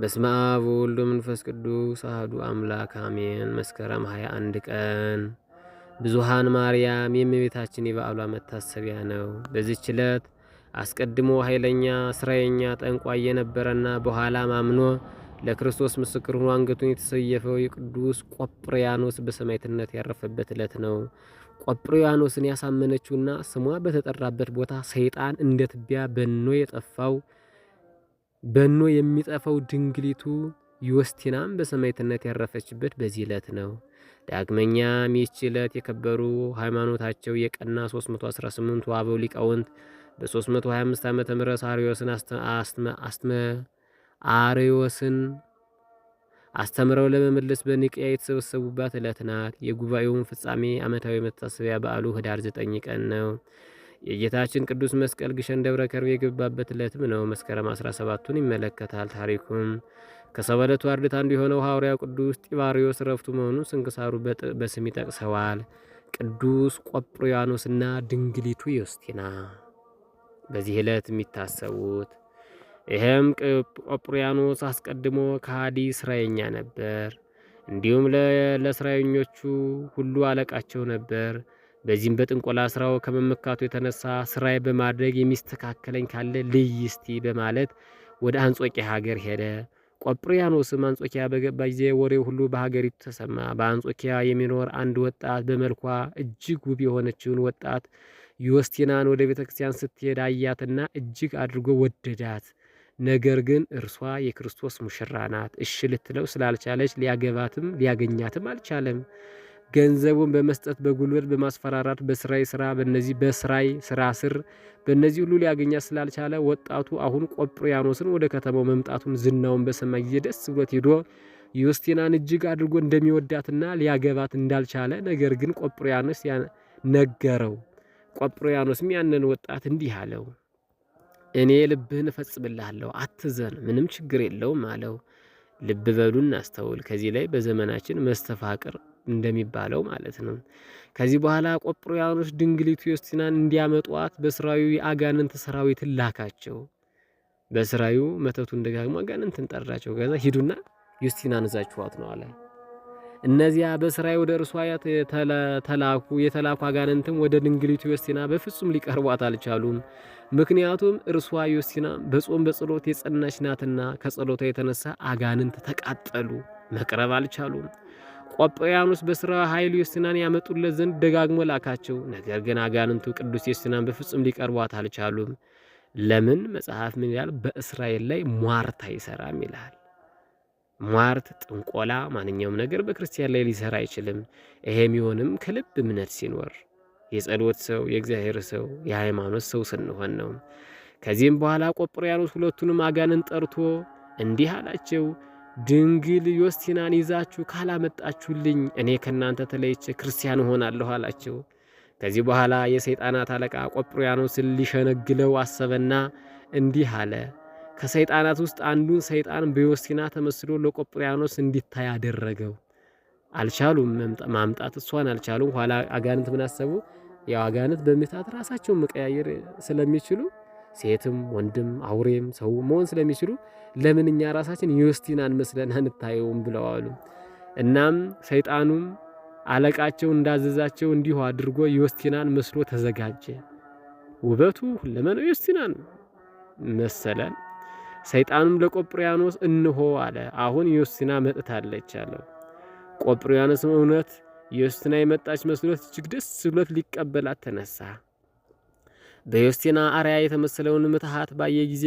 በስመ አብ ወወልድ ወመንፈስ ቅዱስ አህዱ አምላክ አሜን። መስከረም 21 ቀን ብዙሃን ማርያም የእመቤታችን የበዓሏ መታሰቢያ ነው። በዚህች ዕለት አስቀድሞ ኃይለኛ ስራየኛ ጠንቋይ የነበረና በኋላም አምኖ ለክርስቶስ ምስክር ሆኖ አንገቱን የተሰየፈው የቅዱስ ቆጵርያኖስ በሰማዕትነት ያረፈበት ዕለት ነው። ቆጵርያኖስን ያሳመነችውና ስሟ በተጠራበት ቦታ ሰይጣን እንደ ትቢያ በኖ የጠፋው በኖ የሚጠፋው ድንግሊቱ ዮስቲናም በሰማዕትነት ያረፈችበት በዚህ ዕለት ነው። ዳግመኛም ይህች ዕለት የከበሩ ሃይማኖታቸው የቀና 318ቱ አበው ሊቃውንት በ325 ዓ ም አሪዮስን አስተምረው ለመመለስ በኒቅያ የተሰበሰቡባት ዕለት ናት። የጉባኤውን ፍጻሜ ዓመታዊ መታሰቢያ በዓሉ ህዳር 9 ቀን ነው። የጌታችን ቅዱስ መስቀል ግሸን ደብረ ከርቤ የገባበት ዕለትም ነው። መስከረም 17ቱን ይመለከታል። ታሪኩም ከሰበለቱ አርድእት አንዱ የሆነው ሐዋርያው ቅዱስ ጢባሪዮስ ረፍቱ መሆኑን ስንክሳሩ በስም ይጠቅሰዋል። ቅዱስ ቆጵሮያኖስና ድንግሊቱ ዮስቲና በዚህ ዕለት የሚታሰቡት። ይህም ቆጵሮያኖስ አስቀድሞ ከሃዲ ስራየኛ ነበር። እንዲሁም ለስራየኞቹ ሁሉ አለቃቸው ነበር። በዚህም በጥንቆላ ስራው ከመመካቱ የተነሳ ስራዬ በማድረግ የሚስተካከለኝ ካለ ልይ እስቲ በማለት ወደ አንጾቂያ ሀገር ሄደ። ቆጵርያኖስም አንጾኪያ በገባ ጊዜ ወሬው ሁሉ በሀገሪቱ ተሰማ። በአንጾኪያ የሚኖር አንድ ወጣት በመልኳ እጅግ ውብ የሆነችውን ወጣት ዩወስቲናን ወደ ቤተ ክርስቲያን ስትሄድ አያትና እጅግ አድርጎ ወደዳት። ነገር ግን እርሷ የክርስቶስ ሙሽራ ናት፣ እሽ ልትለው ስላልቻለች ሊያገባትም ሊያገኛትም አልቻለም። ገንዘቡን በመስጠት በጉልበት በማስፈራራት በስራይ ስራ በነዚህ በስራይ ስራ ስር በነዚህ ሁሉ ሊያገኛ ስላልቻለ ወጣቱ አሁን ቆጵርያኖስን ወደ ከተማው መምጣቱን ዝናውን በሰማ ጊዜ ደስ ብሎት ሄዶ ዮስቲናን እጅግ አድርጎ እንደሚወዳትና ሊያገባት እንዳልቻለ ነገር ግን ቆጵርያኖስ ነገረው። ቆጵርያኖስም ያንን ወጣት እንዲህ አለው፣ እኔ ልብህን እፈጽምልሃለሁ፣ አትዘን፣ ምንም ችግር የለውም አለው። ልብ በሉ እናስተውል። ከዚህ ላይ በዘመናችን መስተፋቅር እንደሚባለው ማለት ነው። ከዚህ በኋላ ቆጵሮያኖስ ድንግሊቱ ዮስቲናን እንዲያመጧት በስራዩ የአጋንንት ሰራዊትን ላካቸው። በስራዩ መተቱን ደጋግሞ አጋንንትን ጠራቸው። ከዛ ሂዱና ዮስቲናን እዛችኋት ነው አለ። እነዚያ በስራዩ ወደ እርሷ ተላኩ። የተላኩ አጋንንትም ወደ ድንግሊቱ ዮስቲና በፍጹም ሊቀርቧት አልቻሉም። ምክንያቱም እርሷ ዮስቲና በጾም በጸሎት የጸናች ናትና ከጸሎቷ የተነሳ አጋንንት ተቃጠሉ፣ መቅረብ አልቻሉም። ቆጵርያኖስ በስራ ኃይሉ ዮስናን ያመጡለት ዘንድ ደጋግሞ ላካቸው። ነገር ግን አጋንንቱ ቅዱስ ዮስናን በፍጹም ሊቀርቧት አልቻሉም። ለምን? መጽሐፍ ምን ይላል? በእስራኤል ላይ ሟርት አይሰራም ይላል። ሟርት፣ ጥንቆላ፣ ማንኛውም ነገር በክርስቲያን ላይ ሊሰራ አይችልም። ይሄም ይሆንም ከልብ እምነት ሲኖር የጸሎት ሰው የእግዚአብሔር ሰው የሃይማኖት ሰው ስንሆን ነው። ከዚህም በኋላ ቆጵርያኖስ ሁለቱንም አጋንን ጠርቶ እንዲህ አላቸው ድንግል ዮስቲናን ይዛችሁ ካላመጣችሁልኝ እኔ ከእናንተ ተለይቼ ክርስቲያን እሆናለሁ አላቸው። ከዚህ በኋላ የሰይጣናት አለቃ ቆጵሮያኖስን ሊሸነግለው አሰበና እንዲህ አለ። ከሰይጣናት ውስጥ አንዱን ሰይጣን በዮስቲና ተመስሎ ለቆጵሮያኖስ እንዲታይ አደረገው። አልቻሉም፣ ማምጣት እሷን አልቻሉም። ኋላ አጋንንት ምን አሰቡ? ያው አጋንንት በምታት ራሳቸውን መቀያየር ስለሚችሉ ሴትም ወንድም አውሬም ሰው መሆን ስለሚችሉ ለምን እኛ ራሳችን ዮስቲናን መስለን አንታየውም ብለው አሉ። እናም ሰይጣኑም አለቃቸው እንዳዘዛቸው እንዲሁ አድርጎ ዮስቲናን መስሎ ተዘጋጀ። ውበቱ ሁለመናው ዮስቲናን መሰለን። ሰይጣኑም ለቆጵሪያኖስ እንሆ አለ፣ አሁን ዮስቲና መጥታለች አለው። ቆጵሪያኖስም እውነት ዮስቲና የመጣች መስሎት እጅግ ደስ ብሎት ሊቀበላት ተነሳ። በዮስቲና አርያ የተመሰለውን ምትሃት ባየ ጊዜ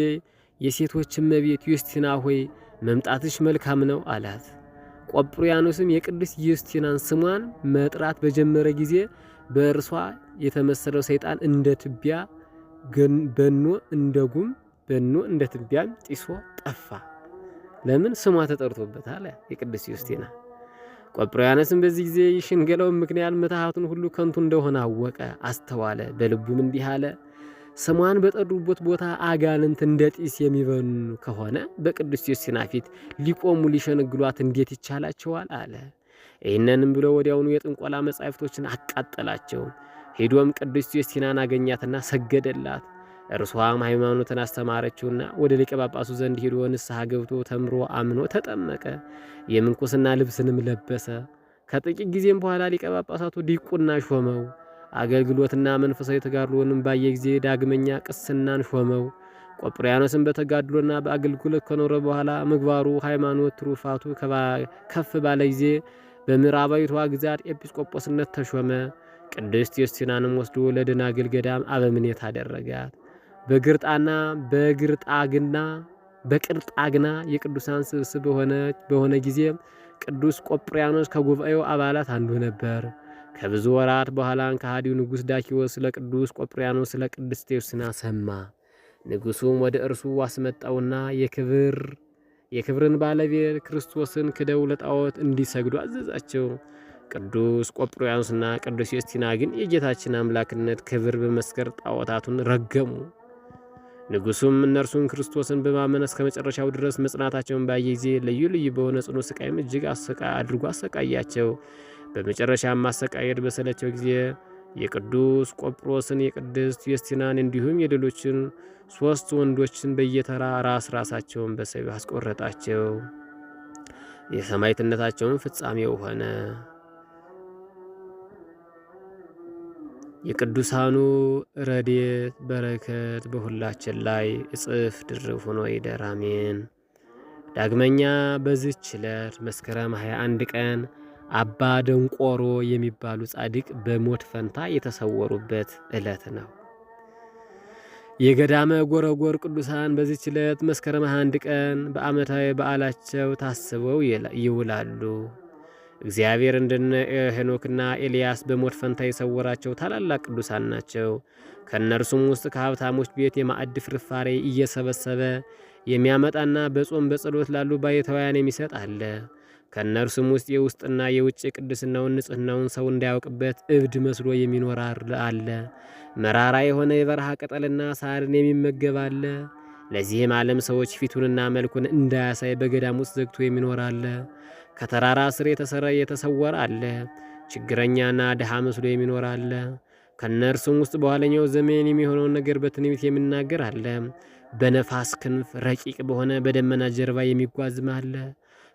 የሴቶች እመቤት ዮስቲና ሆይ መምጣትሽ መልካም ነው አላት። ቆጵርያኖስም የቅዱስ ዮስቲናን ስሟን መጥራት በጀመረ ጊዜ በእርሷ የተመሰለው ሰይጣን እንደ ትቢያ በኖ እንደ ጉም በኖ እንደ ትቢያም ጢሶ ጠፋ። ለምን ስሟ ተጠርቶበታል የቅዱስ ዮስቲና። ቆጵርያኖስም በዚህ ጊዜ የሽንገላውን ምክንያት ምትሃቱን ሁሉ ከንቱ እንደሆነ አወቀ፣ አስተዋለ። በልቡም እንዲህ አለ ስሟን በጠሩበት ቦታ አጋንንት እንደ ጢስ የሚበኑ ከሆነ በቅዱስ ዮሴና ፊት ሊቆሙ ሊሸነግሏት እንዴት ይቻላቸዋል? አለ። ይህንንም ብሎ ወዲያውኑ የጥንቆላ መጻሕፍቶችን አቃጠላቸው። ሄዶም ቅዱስ ሲናን አገኛትና ሰገደላት። እርሷም ሃይማኖትን አስተማረችውና ወደ ሊቀ ጳጳሱ ዘንድ ሄዶ ንስሐ ገብቶ ተምሮ አምኖ ተጠመቀ። የምንኩስና ልብስንም ለበሰ። ከጥቂት ጊዜም በኋላ ሊቀ ጳጳሳቱ ዲቁና ሾመው። አገልግሎትና መንፈሳዊ ተጋድሎንም ባየ ጊዜ ዳግመኛ ቅስናን ሾመው። ቆጵሪያኖስን በተጋድሎና በአገልግሎት ከኖረ በኋላ ምግባሩ፣ ሃይማኖት፣ ትሩፋቱ ከፍ ባለ ጊዜ በምዕራባዊቷ ግዛት ኤጲስቆጶስነት ተሾመ። ቅድስት ዮስቲናንም ወስዶ ለደናግል ገዳም አበምኔት አደረጋት። በግርጣና በግርጣግና በቅርጣግና የቅዱሳን ስብስብ በሆነ ጊዜ ቅዱስ ቆጵሪያኖስ ከጉባኤው አባላት አንዱ ነበር። ከብዙ ወራት በኋላ ከሃዲው ንጉሥ ዳኪዎስ ስለ ቅዱስ ቆጵርያኖስ ስለ ቅድስት ቴዎስና ሰማ። ንጉሡም ወደ እርሱ አስመጣውና የክብር የክብርን ባለቤት ክርስቶስን ክደው ለጣዖት እንዲሰግዱ አዘዛቸው። ቅዱስ ቆጵሪያኖስና ቅዱስ ዮስቲና ግን የጌታችን አምላክነት ክብር በመስከር ጣዖታቱን ረገሙ። ንጉሡም እነርሱን ክርስቶስን በማመን እስከ መጨረሻው ድረስ መጽናታቸውን ባየ ጊዜ ልዩ ልዩ በሆነ ጽኑ ስቃይም እጅግ አድርጎ አሰቃያቸው። በመጨረሻም ማሰቃየት በሰለቸው ጊዜ የቅዱስ ቆጵሮስን የቅድስት ዩስቲናን እንዲሁም የሌሎችን ሶስት ወንዶችን በየተራ ራስ ራሳቸውን በሰይፍ አስቆረጣቸው። የሰማዕትነታቸውን ፍጻሜው ሆነ። የቅዱሳኑ ረድኤት በረከት በሁላችን ላይ እጽፍ ድርብ ሆኖ ይደር አሜን። ዳግመኛ በዚች ዕለት መስከረም 21 ቀን አባ ደንቆሮ የሚባሉ ጻድቅ በሞት ፈንታ የተሰወሩበት ዕለት ነው። የገዳመ ጎረጎር ቅዱሳን በዚች ዕለት መስከረም አንድ ቀን በዓመታዊ በዓላቸው ታስበው ይውላሉ። እግዚአብሔር እንደነ ሄኖክና ኤልያስ በሞት ፈንታ የሰወራቸው ታላላቅ ቅዱሳን ናቸው። ከእነርሱም ውስጥ ከሀብታሞች ቤት የማዕድ ፍርፋሬ እየሰበሰበ የሚያመጣና በጾም በጸሎት ላሉ ባይተውያን የሚሰጥ አለ። ከእነርሱም ውስጥ የውስጥና የውጭ ቅድስናውን ንጽህናውን ሰው እንዳያውቅበት እብድ መስሎ የሚኖር አለ። መራራ የሆነ የበረሃ ቅጠልና ሳርን የሚመገብ አለ። ለዚህም ዓለም ሰዎች ፊቱንና መልኩን እንዳያሳይ በገዳም ውስጥ ዘግቶ የሚኖር አለ። ከተራራ ስር የተሰራ የተሰወረ አለ። ችግረኛና ድሃ መስሎ የሚኖር አለ። ከእነርሱም ውስጥ በኋለኛው ዘመን የሚሆነውን ነገር በትንቢት የሚናገር አለ። በነፋስ ክንፍ ረቂቅ በሆነ በደመና ጀርባ የሚጓዝም አለ።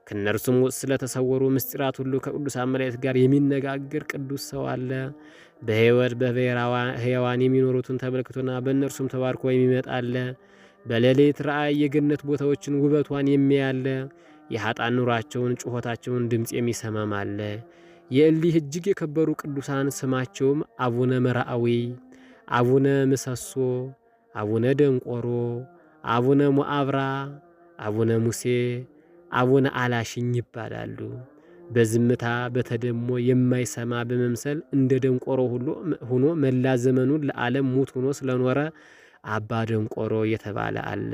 ከእነርሱም ውስጥ ስለተሰወሩ ምስጢራት ሁሉ ከቅዱሳን መላእክት ጋር የሚነጋገር ቅዱስ ሰው አለ። በሕይወት በሕያዋን የሚኖሩትን ተመልክቶና በእነርሱም ተባርኮ የሚመጣ አለ። በሌሊት ራእይ የገነት ቦታዎችን ውበቷን የሚያለ የኃጣን ኑሯቸውን ጩኸታቸውን ድምፅ የሚሰማም አለ። የእሊህ እጅግ የከበሩ ቅዱሳን ስማቸውም አቡነ መራአዊ፣ አቡነ ምሰሶ፣ አቡነ ደንቆሮ፣ አቡነ ሞአብራ፣ አቡነ ሙሴ አቡነ አላሽኝ ይባላሉ። በዝምታ በተደሞ የማይሰማ በመምሰል እንደ ደንቆሮ ሁሉ ሆኖ መላ ዘመኑን ለዓለም ሙት ሆኖ ስለኖረ አባ ደንቆሮ የተባለ አለ።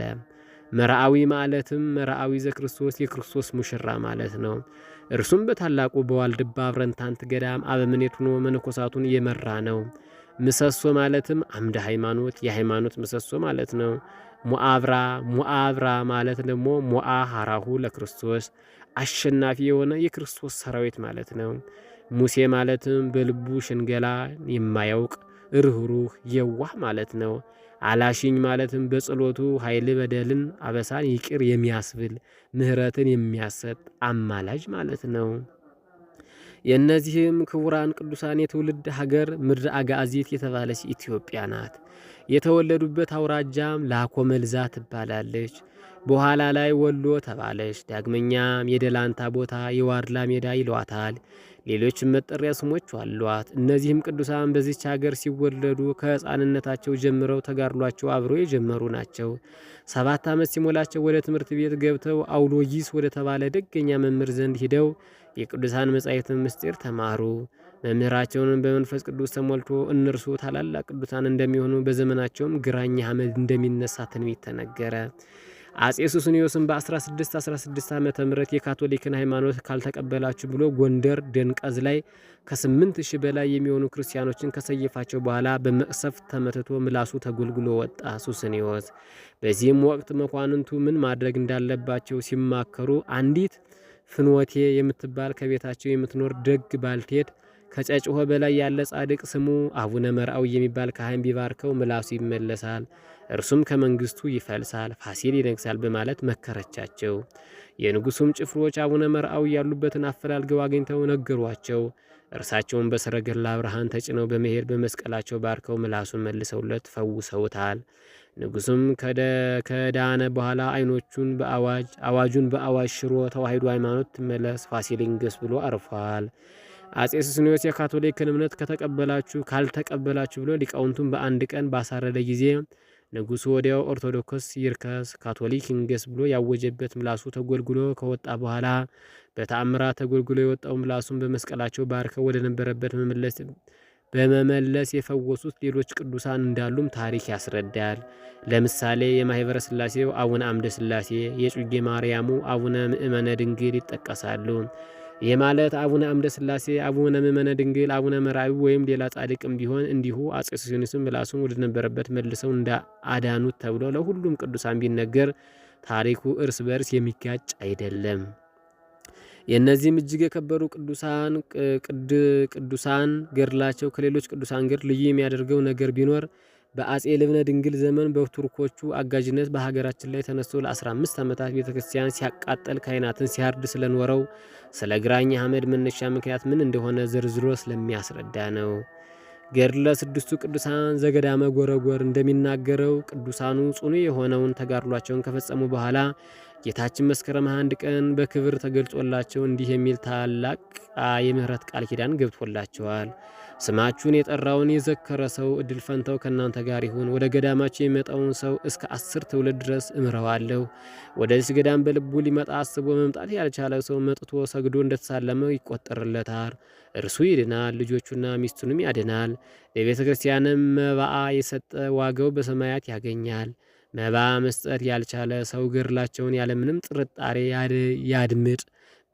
መርአዊ ማለትም መርአዊ ዘክርስቶስ የክርስቶስ ሙሽራ ማለት ነው። እርሱም በታላቁ በዋልድባ አብረንታንት ገዳም አበምኔት ሆኖ መነኮሳቱን የመራ ነው። ምሰሶ ማለትም አምደ ሃይማኖት የሃይማኖት ምሰሶ ማለት ነው። ሞአብራ ሞአብራ ማለት ደግሞ ሞአ ሀራሁ ለክርስቶስ አሸናፊ የሆነ የክርስቶስ ሰራዊት ማለት ነው። ሙሴ ማለትም በልቡ ሽንገላ የማያውቅ ርኅሩህ የዋህ ማለት ነው። አላሽኝ ማለትም በጸሎቱ ኃይል በደልን አበሳን ይቅር የሚያስብል ምሕረትን የሚያሰጥ አማላጅ ማለት ነው። የእነዚህም ክቡራን ቅዱሳን የትውልድ ሀገር ምድር አጋዚት የተባለች ኢትዮጵያ ናት። የተወለዱበት አውራጃም ላኮ መልዛ ትባላለች። በኋላ ላይ ወሎ ተባለች። ዳግመኛም የደላንታ ቦታ የዋድላ ሜዳ ይሏታል። ሌሎችም መጠሪያ ስሞች አሏት። እነዚህም ቅዱሳን በዚች ሀገር ሲወለዱ ከሕፃንነታቸው ጀምረው ተጋድሏቸው አብረው የጀመሩ ናቸው። ሰባት ዓመት ሲሞላቸው ወደ ትምህርት ቤት ገብተው አውሎጊስ ወደ ተባለ ደገኛ መምህር ዘንድ ሂደው የቅዱሳን መጻሕፍትን ምስጢር ተማሩ። መምህራቸውንም በመንፈስ ቅዱስ ተሞልቶ እነርሱ ታላላቅ ቅዱሳን እንደሚሆኑ በዘመናቸውም ግራኝ አመድ እንደሚነሳ ትንቢት ተነገረ። አጼ ሱስንዮስም በ1616 ዓ ም የካቶሊክን ሃይማኖት ካልተቀበላችሁ ብሎ ጎንደር ደንቀዝ ላይ ከ8000 በላይ የሚሆኑ ክርስቲያኖችን ከሰየፋቸው በኋላ በመቅሰፍ ተመትቶ ምላሱ ተጎልግሎ ወጣ ሱስንዮስ። በዚህም ወቅት መኳንንቱ ምን ማድረግ እንዳለባቸው ሲማከሩ አንዲት ፍኖቴ የምትባል ከቤታቸው የምትኖር ደግ ባልቴት ከጨጭሆ በላይ ያለ ጻድቅ ስሙ አቡነ መርአዊ የሚባል ካህን ቢባርከው ምላሱ ይመለሳል፣ እርሱም ከመንግስቱ ይፈልሳል፣ ፋሲል ይነግሳል በማለት መከረቻቸው። የንጉሱም ጭፍሮች አቡነ መርአዊ ያሉበትን አፈላልገው አግኝተው ነገሯቸው። እርሳቸውን በሰረገላ ብርሃን ተጭነው በመሄድ በመስቀላቸው ባርከው ምላሱን መልሰውለት ፈውሰውታል። ንጉሱም ከዳነ በኋላ አይኖቹን በአዋጅ አዋጁን በአዋጅ ሽሮ ተዋሂዶ ሃይማኖት ትመለስ ፋሲል ይንገስ ብሎ አርፏል። አጼ ሱስንዮስ የካቶሊክን እምነት ከተቀበላችሁ ካልተቀበላችሁ ብሎ ሊቃውንቱን በአንድ ቀን ባሳረደ ጊዜ ንጉሱ ወዲያው ኦርቶዶክስ ይርከስ ካቶሊክ ይንገስ ብሎ ያወጀበት ምላሱ ተጎልጉሎ ከወጣ በኋላ በተአምራት ተጎልጉሎ የወጣው ምላሱን በመስቀላቸው ባርከው ወደ ነበረበት መመለስ በመመለስ የፈወሱት ሌሎች ቅዱሳን እንዳሉም ታሪክ ያስረዳል። ለምሳሌ የማህበረ ስላሴው አቡነ አምደ ስላሴ፣ የጩጌ ማርያሙ አቡነ ምእመነ ድንግል ይጠቀሳሉ። ይህ ማለት አቡነ አምደ ስላሴ፣ አቡነ መመነ ድንግል፣ አቡነ መራቢ ወይም ሌላ ጻድቅም ቢሆን እንዲሁ አጼ ሱስንዮስም ምላሱን ወደነበረበት መልሰው እንደ አዳኑት ተብሎ ለሁሉም ቅዱሳን ቢነገር ታሪኩ እርስ በርስ የሚጋጭ አይደለም። የእነዚህም እጅግ የከበሩ ቅዱሳን ቅዱሳን ገድላቸው ከሌሎች ቅዱሳን ገድል ልዩ የሚያደርገው ነገር ቢኖር በአጼ ልብነ ድንግል ዘመን በቱርኮቹ አጋዥነት በሀገራችን ላይ ተነስቶ ለ15 ዓመታት ቤተክርስቲያን ሲያቃጠል ካህናትን ሲያርድ ስለኖረው ስለ ግራኝ አህመድ መነሻ ምክንያት ምን እንደሆነ ዝርዝሮ ስለሚያስረዳ ነው። ገድለ ስድስቱ ቅዱሳን ዘገዳመ ጎረጎር እንደሚናገረው ቅዱሳኑ ጽኑ የሆነውን ተጋድሏቸውን ከፈጸሙ በኋላ ጌታችን መስከረም አንድ ቀን በክብር ተገልጾላቸው እንዲህ የሚል ታላቅ የምህረት ቃል ኪዳን ገብቶላቸዋል። ስማችሁን የጠራውን የዘከረ ሰው እድል ፈንታው ከእናንተ ጋር ይሁን። ወደ ገዳማችሁ የሚመጣውን ሰው እስከ አስር ትውልድ ድረስ እምረዋለሁ። ወደዚህ ገዳም በልቡ ሊመጣ አስቦ መምጣት ያልቻለ ሰው መጥቶ ሰግዶ እንደተሳለመ ይቆጠርለታል። እርሱ ይድናል፣ ልጆቹና ሚስቱንም ያድናል። ለቤተ ክርስቲያንም መባአ የሰጠ ዋጋው በሰማያት ያገኛል። መባ መስጠት ያልቻለ ሰው ያለ ያለምንም ጥርጣሬ ያድምጥ።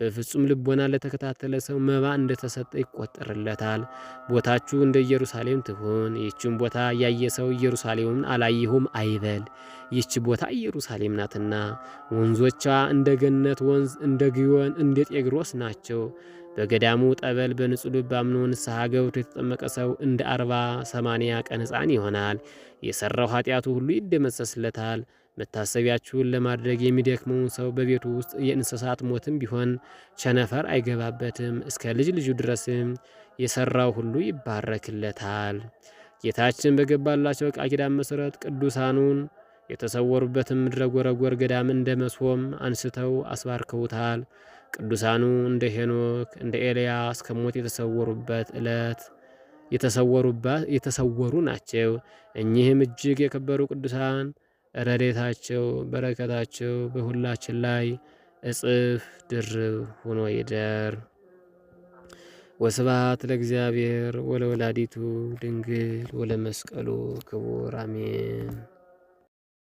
በፍጹም ልቦና ለተከታተለ ሰው መባ እንደተሰጠ ይቆጠርለታል። ቦታችሁ እንደ ኢየሩሳሌም ትሁን። ይህችን ቦታ ያየ ሰው ኢየሩሳሌምን አላየሁም አይበል። ይህች ቦታ ኢየሩሳሌም ናትና፣ ወንዞቿ እንደ ገነት ወንዝ፣ እንደ ግዮን፣ እንደ ጤግሮስ ናቸው። በገዳሙ ጠበል በንጹህ ልብ አምኖ ንስሐ ገብቶ የተጠመቀ ሰው እንደ አርባ ሰማንያ ቀን ሕፃን ይሆናል። የሰራው ኃጢአቱ ሁሉ ይደመሰስለታል። መታሰቢያችሁን ለማድረግ የሚደክመውን ሰው በቤቱ ውስጥ የእንስሳት ሞትም ቢሆን ቸነፈር አይገባበትም። እስከ ልጅ ልጁ ድረስም የሰራው ሁሉ ይባረክለታል። ጌታችን በገባላቸው ቃል ኪዳን መሠረት ቅዱሳኑን የተሰወሩበትን ምድረ ጎረጎር ገዳም እንደ አንስተው አስባርከውታል። ቅዱሳኑ እንደ ሄኖክ እንደ ኤልያስ ከሞት የተሰወሩበት ዕለት የተሰወሩ ናቸው። እኚህም እጅግ የከበሩ ቅዱሳን ረዴታቸው፣ በረከታቸው በሁላችን ላይ እጽፍ ድርብ ሆኖ ይደር። ወስብሐት ለእግዚአብሔር ወለወላዲቱ ድንግል ወለመስቀሉ ክቡር አሜን።